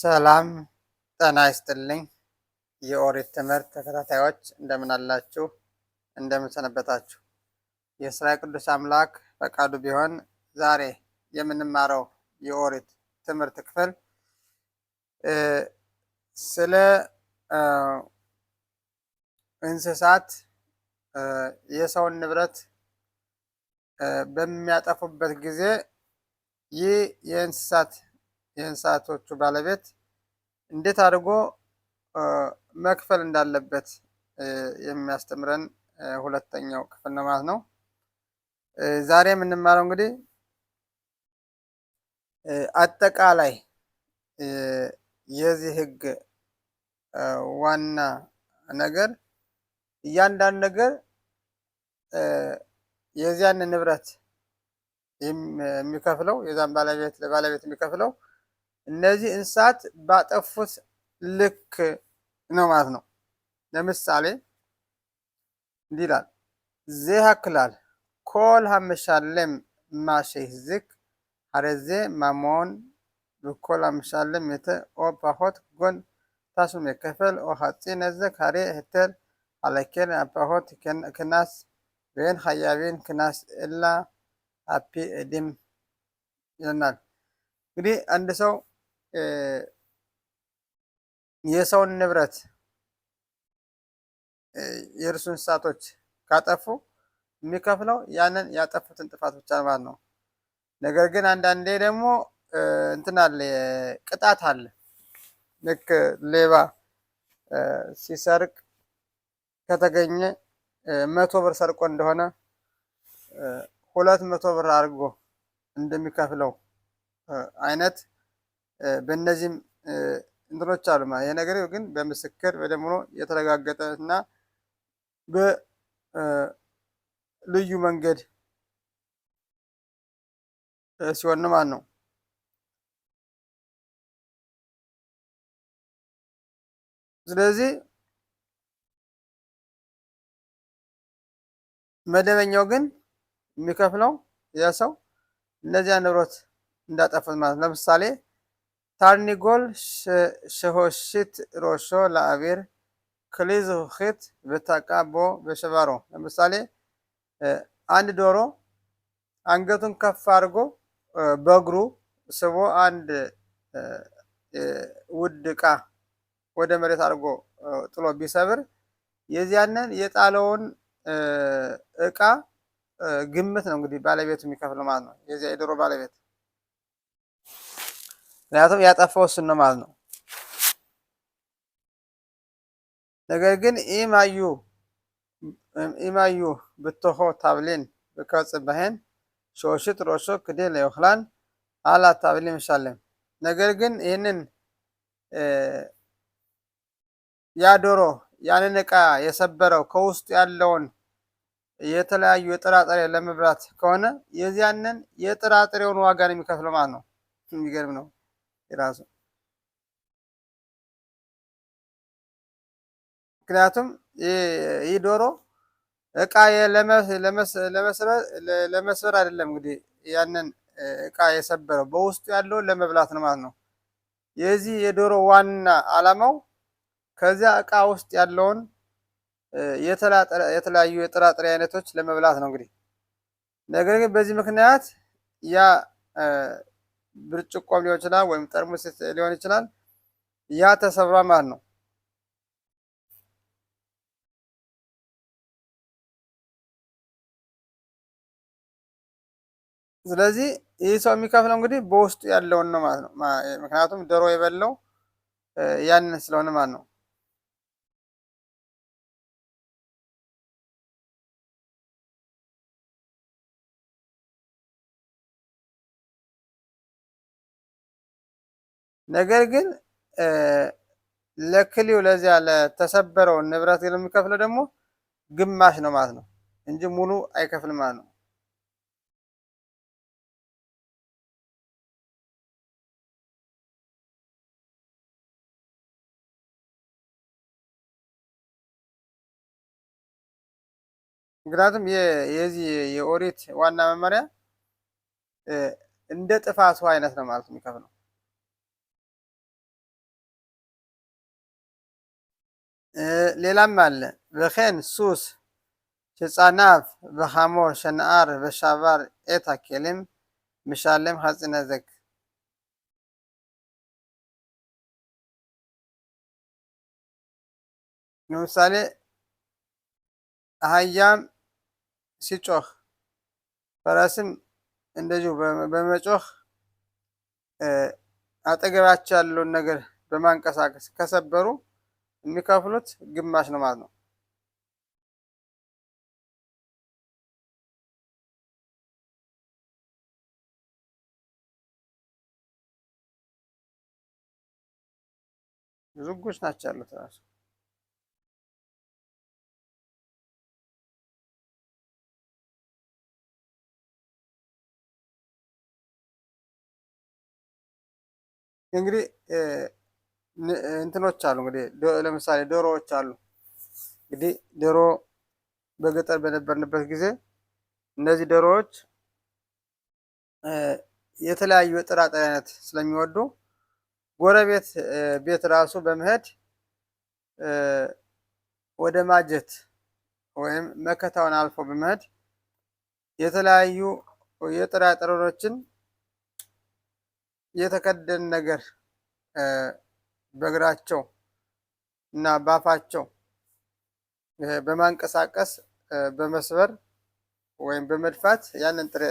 ሰላም ጤና ይስጥልኝ። የኦሪት ትምህርት ተከታታዮች እንደምን አላችሁ? እንደምን ሰነበታችሁ? የእስራኤል ቅዱስ አምላክ ፈቃዱ ቢሆን ዛሬ የምንማረው የኦሪት ትምህርት ክፍል ስለ እንስሳት የሰውን ንብረት በሚያጠፉበት ጊዜ ይህ የእንስሳት የእንስሳቶቹ ባለቤት እንዴት አድርጎ መክፈል እንዳለበት የሚያስተምረን ሁለተኛው ክፍል ነው ማለት ነው። ዛሬ የምንማረው እንግዲህ አጠቃላይ የዚህ ሕግ ዋና ነገር እያንዳንድ ነገር የዚያን ንብረት የሚከፍለው የዛን ባለቤት ለባለቤት የሚከፍለው እነዚህ እንስሳት ባጠፉት ልክ ነው ማለት ነው። ለምሳሌ እንዲህ ይላል ክላል ኮል ሀመሻለም ማሸህዝክ ሀረዜ ማሞን ብኮል ሀመሻለም የተ ኦ ፓሆት ጎን ታሱም የከፈል ኦ ሀፂ ነዘክ ሀሬ ህተር አለኬን አፓሆት ክናስ ወይን ሀያቤን ክናስ እላ አፒ እድም ይለናል። እንግዲህ አንድ ሰው የሰውን ንብረት የእርሱ እንስሳቶች ካጠፉ የሚከፍለው ያንን ያጠፉትን ጥፋት ብቻ ማለት ነው። ነገር ግን አንዳንዴ ደግሞ እንትን አለ፣ ቅጣት አለ። ልክ ሌባ ሲሰርቅ ከተገኘ መቶ ብር ሰርቆ እንደሆነ ሁለት መቶ ብር አድርጎ እንደሚከፍለው አይነት በእነዚህም እንትኖች አሉ ማለት ይሄ ነገር ግን በምስክር ደግሞ የተረጋገጠ እና በልዩ መንገድ ሲሆን ማለት ነው። ስለዚህ መደበኛው ግን የሚከፍለው ያ ሰው እነዚያ ንብረት እንዳጠፉት ማለት ለምሳሌ ታርኒጎል ሸሆሽት ሮሾ ለአቤር ክሊዝ ውክት በታቃቦ በሸባሮ ለምሳሌ አንድ ዶሮ አንገቱን ከፍ አድርጎ በእግሩ ስቦ አንድ ውድ ዕቃ ወደ መሬት አድርጎ ጥሎ ቢሰብር የዚያንን የጣለውን ዕቃ ግምት ነው እንግዲህ ባለቤቱ የሚከፍለው ማለት ነው። የዚያ የዶሮ ባለቤት ምክንያቱም ያጠፋው እሱን ነው ማለት ነው። ነገር ግን ኢማዩ ኢማዩ ብትሆ ታብሊን ብከጽ በህን ሾሽት ሮሾ ክዴ ለዮክላን አላ ታብሊን ይሻለም። ነገር ግን ይህንን ያዶሮ ዶሮ ያንን እቃ የሰበረው ከውስጡ ያለውን የተለያዩ የጥራጥሬ ለመብራት ከሆነ የዚያንን የጥራጥሬውን ዋጋ ነው የሚከፍለው ማለት ነው። የሚገርም ነው። የራሱ ምክንያቱም ይህ ዶሮ እቃ ለመስበር አይደለም። እንግዲህ ያንን እቃ የሰበረው በውስጡ ያለውን ለመብላት ነው ማለት ነው። የዚህ የዶሮ ዋና አላማው ከዚያ እቃ ውስጥ ያለውን የተለያዩ የጥራጥሬ አይነቶች ለመብላት ነው እንግዲህ ነገር ግን በዚህ ምክንያት ያ ብርጭቆም ሊሆን ይችላል፣ ወይም ጠርሙስ ሊሆን ይችላል። ያ ተሰብራ ማለት ነው። ስለዚህ ይህ ሰው የሚከፍለው እንግዲህ በውስጡ ያለውን ነው ማለት ነው። ምክንያቱም ዶሮ የበላው ያንን ስለሆነ ማለት ነው። ነገር ግን ለክሊው ለዚያ ለተሰበረውን ንብረት የሚከፍለው ደግሞ ግማሽ ነው ማለት ነው እንጂ ሙሉ አይከፍልም ማለት ነው። ምክንያቱም የዚህ የኦሪት ዋና መመሪያ እንደ ጥፋቱ አይነት ነው ማለት የሚከፍለው ሌላም አለ። וכן ሱስ שጻናፍ በሃሞ שנער ושבר את הכלים משלם חצי ለምሳሌ አህያም ሲጮህ ፈረስም እንደዚሁ በመጮህ አጠገባቸው ያለውን ነገር በማንቀሳቀስ ከሰበሩ የሚከፍሉት ግማሽ ነው ማለት ነው። ዝጉች ናቸው ያሉት ራሱ እንግዲህ እንትኖች አሉ እንግዲህ ለምሳሌ ዶሮዎች አሉ። እንግዲህ ዶሮ በገጠር በነበርንበት ጊዜ እነዚህ ዶሮዎች የተለያዩ የጥራጥሬ አይነት ስለሚወዱ ጎረቤት ቤት ራሱ በመሄድ ወደ ማጀት ወይም መከታውን አልፎ በመሄድ የተለያዩ የጥራጥሬዎችን የተከደን ነገር በእግራቸው እና ባፋቸው በማንቀሳቀስ በመስበር ወይም በመድፋት ያንን ጥሬ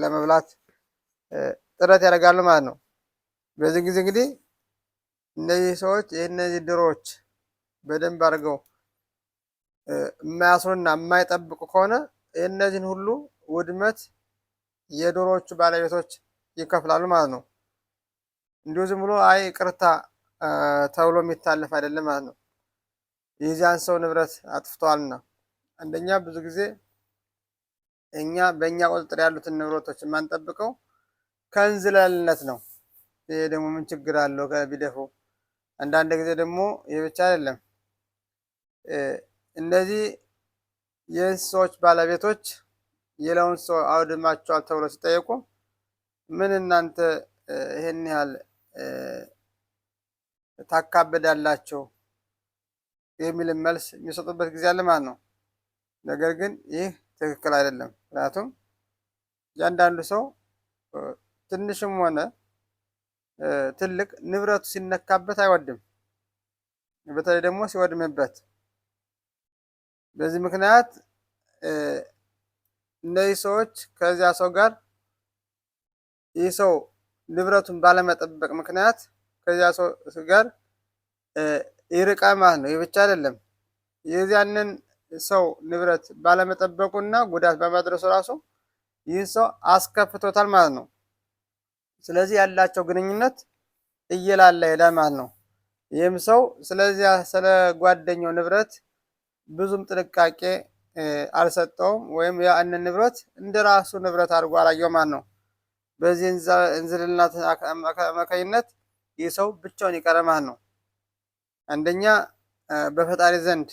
ለመብላት ጥረት ያደርጋሉ ማለት ነው። በዚህ ጊዜ እንግዲህ እነዚህ ሰዎች ይህ ድሮዎች ዶሮዎች በደንብ አድርገው የማያስሩና የማይጠብቁ ከሆነ የእነዚህን ሁሉ ውድመት የዶሮዎቹ ባለቤቶች ይከፍላሉ ማለት ነው። እንዲሁ ዝም ብሎ አይ ቅርታ ተብሎ የሚታለፍ አይደለም ማለት ነው። የዚያን ሰው ንብረት አጥፍተዋልና አንደኛ ብዙ ጊዜ እኛ በእኛ ቁጥጥር ያሉትን ንብረቶች የማንጠብቀው ከእንዝላልነት ነው። ይሄ ደግሞ ምን ችግር አለው ከቢደፉ አንዳንድ ጊዜ ደግሞ ይህ ብቻ አይደለም። እነዚህ የእንስሳዎች ባለቤቶች የለውን ሰው አውድማቸዋል ተብሎ ሲጠየቁ ምን እናንተ ይህን ያህል ታካብዳላችሁ የሚል መልስ የሚሰጡበት ጊዜ አለ ማለት ነው። ነገር ግን ይህ ትክክል አይደለም። ምክንያቱም እያንዳንዱ ሰው ትንሽም ሆነ ትልቅ ንብረቱ ሲነካበት አይወድም፣ በተለይ ደግሞ ሲወድምበት። በዚህ ምክንያት እነዚህ ሰዎች ከዚያ ሰው ጋር ይህ ሰው ንብረቱን ባለመጠበቅ ምክንያት ከዚያ ሰው ጋር ይርቃ ማለት ነው። ይህ ብቻ አይደለም። የዚያንን ሰው ንብረት ባለመጠበቁና ጉዳት በማድረሱ ራሱ ይህን ሰው አስከፍቶታል ማለት ነው። ስለዚህ ያላቸው ግንኙነት እየላላ ይሄዳል ማለት ነው። ይህም ሰው ስለዚያ ስለ ጓደኛው ንብረት ብዙም ጥንቃቄ አልሰጠውም ወይም ያንን ንብረት እንደ ራሱ ንብረት አድርጎ አላየው ማለት ነው። በዚህ እንዝልና መካኝነት ይህ ሰው ብቻውን የቀረ ማለት ነው። አንደኛ በፈጣሪ ዘንድ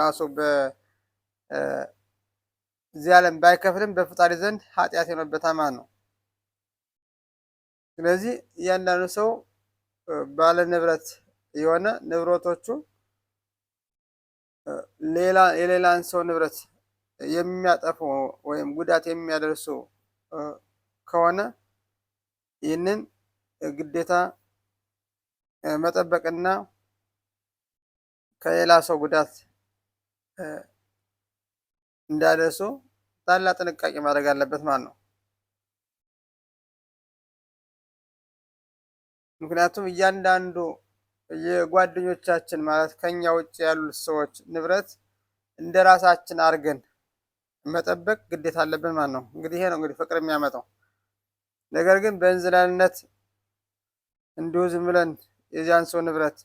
ራሱ በዚህ ዓለም ባይከፍልም በፈጣሪ ዘንድ ኃጢአት የሆነበታል ማለት ነው። ስለዚህ እያንዳንዱ ሰው ባለ ንብረት የሆነ ንብረቶቹ ሌላ የሌላን ሰው ንብረት የሚያጠፉ ወይም ጉዳት የሚያደርሱ ከሆነ ይህንን ግዴታ መጠበቅና ከሌላ ሰው ጉዳት እንዳደርሱ ታላቅ ጥንቃቄ ማድረግ አለበት ማለት ነው። ምክንያቱም እያንዳንዱ የጓደኞቻችን ማለት ከኛ ውጭ ያሉት ሰዎች ንብረት እንደ ራሳችን አድርገን መጠበቅ ግዴታ አለብን ማለት ነው። እንግዲህ ይሄ ነው እንግዲህ ፍቅር የሚያመጣው ነገር ግን በእንዝላልነት እንዲሁ ዝም ብለን የዚያን ሰው ንብረት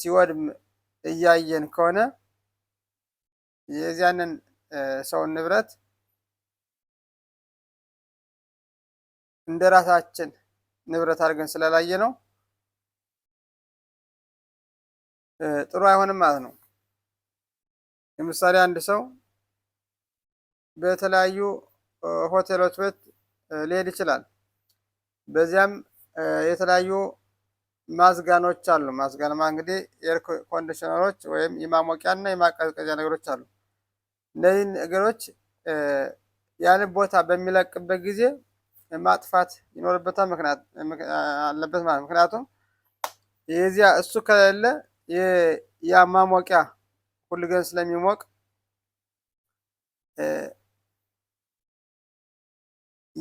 ሲወድም እያየን ከሆነ የዚያንን ሰውን ንብረት እንደ ራሳችን ንብረት አድርገን ስለላየ ነው ጥሩ አይሆንም ማለት ነው። ለምሳሌ አንድ ሰው በተለያዩ ሆቴሎች ቤት ሊሄድ ይችላል። በዚያም የተለያዩ ማዝጋኖች አሉ። ማዝጋንማ እንግዲህ ኤር ኮንዲሽነሮች ወይም የማሞቂያ እና የማቀዝቀዣ ነገሮች አሉ። እነዚህ ነገሮች ያን ቦታ በሚለቅበት ጊዜ ማጥፋት ይኖርበታል አለበት ማለት ምክንያቱም የዚያ እሱ ከሌለ ያ ማሞቂያ ሁልጊዜ ስለሚሞቅ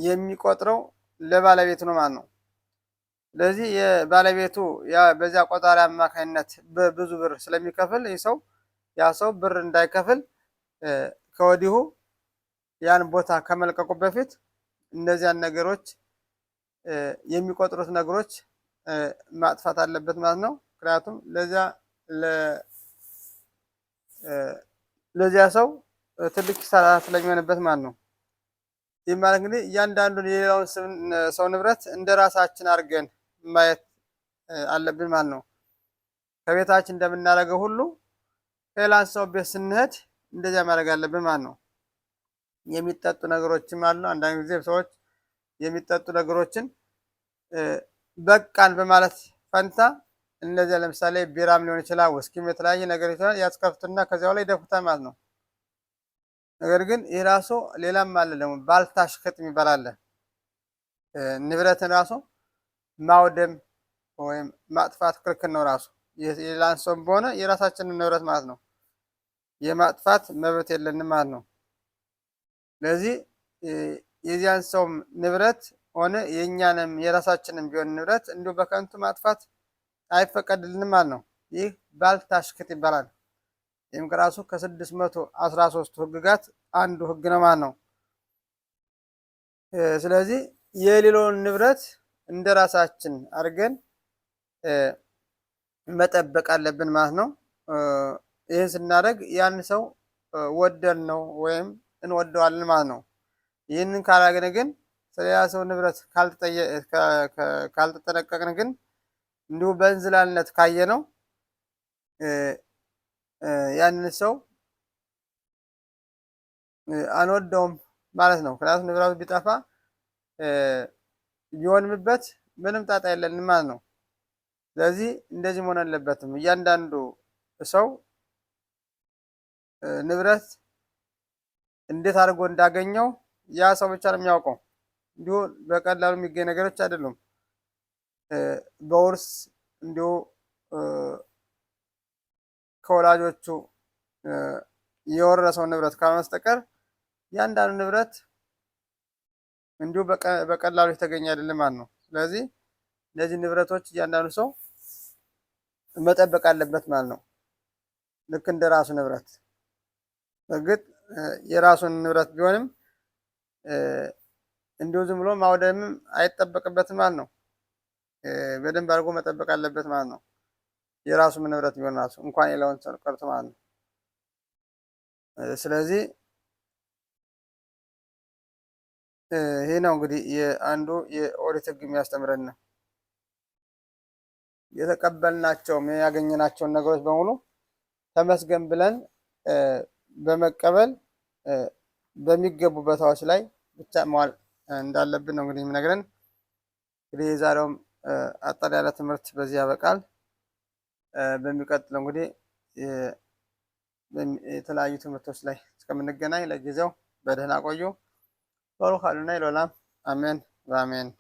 የሚቆጥረው ለባለቤት ነው ማለት ነው። ለዚህ ባለቤቱ በዚያ ቆጣሪ አማካኝነት ብዙ ብር ስለሚከፍል ይህ ሰው ያ ሰው ብር እንዳይከፍል ከወዲሁ ያን ቦታ ከመልቀቁ በፊት እነዚያን ነገሮች የሚቆጥሩት ነገሮች ማጥፋት አለበት ማለት ነው። ምክንያቱም ለዚያ ለዚያ ሰው ትልቅ ኪሳራ ስለሚሆንበት ማለት ነው። ይህ ማለት እንግዲህ እያንዳንዱን የሌላውን ሰው ንብረት እንደ ራሳችን አድርገን ማየት አለብን ማለት ነው። ከቤታችን እንደምናደርገው ሁሉ ከሌላን ሰው ቤት ስንሄድ እንደዚያ ማድረግ አለብን ማለት ነው። የሚጠጡ ነገሮችም አሉ። አንዳንድ ጊዜ ሰዎች የሚጠጡ ነገሮችን በቃን በማለት ፈንታ እነዚያ ለምሳሌ ቢራም ሊሆን ይችላል፣ ወስኪም የተለያየ ነገር ይችላል። ያስከፍቱና ከዚያው ላይ ይደፉታል ማለት ነው። ነገር ግን ይህ ራሱ ሌላም አለ ደግሞ ባልታሽክጥ የሚባል አለ። ንብረትን ራሱ ማውደም ወይም ማጥፋት ክልክል ነው። ራሱ የሌላን ሰውም በሆነ የራሳችንን ንብረት ማለት ነው የማጥፋት መብት የለንም ማለት ነው። ስለዚህ የዚያን ሰውም ንብረት ሆነ የእኛንም የራሳችንም ቢሆን ንብረት እንዲሁ በከንቱ ማጥፋት አይፈቀድልንም ማለት ነው። ይህ ባልታሽክት ይባላል። ይህም ከራሱ ከስድስት መቶ አስራ ሶስቱ ህግጋት አንዱ ህግ ነው ማለት ነው። ስለዚህ የሌላውን ንብረት እንደ ራሳችን አድርገን መጠበቅ አለብን ማለት ነው። ይህን ስናደርግ ያን ሰው ወደን ነው ወይም እንወደዋለን ማለት ነው። ይህንን ካላግን ግን ስለያ ሰው ንብረት ካልተጠነቀቅን ግን እንዲሁ በእንዝላልነት ካየ ነው ያንን ሰው አንወደውም ማለት ነው። ምክንያቱም ንብረቱ ቢጠፋ ቢሆንምበት ምንም ጣጣ የለንም ማለት ነው። ስለዚህ እንደዚህ መሆን አለበትም። እያንዳንዱ ሰው ንብረት እንዴት አድርጎ እንዳገኘው ያ ሰው ብቻ ነው የሚያውቀው። እንዲሁ በቀላሉ የሚገኝ ነገሮች አይደሉም። በውርስ እንዲሁ ከወላጆቹ የወረሰው ንብረት ካልሆነ በስተቀር ያንዳንዱ ንብረት እንዲሁ በቀላሉ የተገኘ አይደለም ማለት ነው። ስለዚህ እነዚህ ንብረቶች እያንዳንዱ ሰው መጠበቅ አለበት ማለት ነው። ልክ እንደ ራሱ ንብረት። በእርግጥ የራሱን ንብረት ቢሆንም እንዲሁ ዝም ብሎ ማውደምም አይጠበቅበትም ማለት ነው። በደንብ አድርጎ መጠበቅ አለበት ማለት ነው። የራሱም ንብረት ቢሆን ራሱ እንኳን የለውን ቀርቶ ማለት ነው። ስለዚህ ይሄ ነው እንግዲህ አንዱ የኦዲት ህግ የሚያስተምረን ነው። የተቀበልናቸውም ያገኘናቸውን ነገሮች በሙሉ ተመስገን ብለን በመቀበል በሚገቡ ቦታዎች ላይ ብቻ መዋል እንዳለብን ነው እንግዲህ የሚነግረን። እንግዲህ የዛሬውም አጠር ያለ ትምህርት በዚህ ያበቃል። በሚቀጥለው እንግዲህ የተለያዩ ትምህርቶች ላይ እስከምንገናኝ ለጊዜው በደህና ቆዩ። Baruch Adonai Olam. Amén. Amén.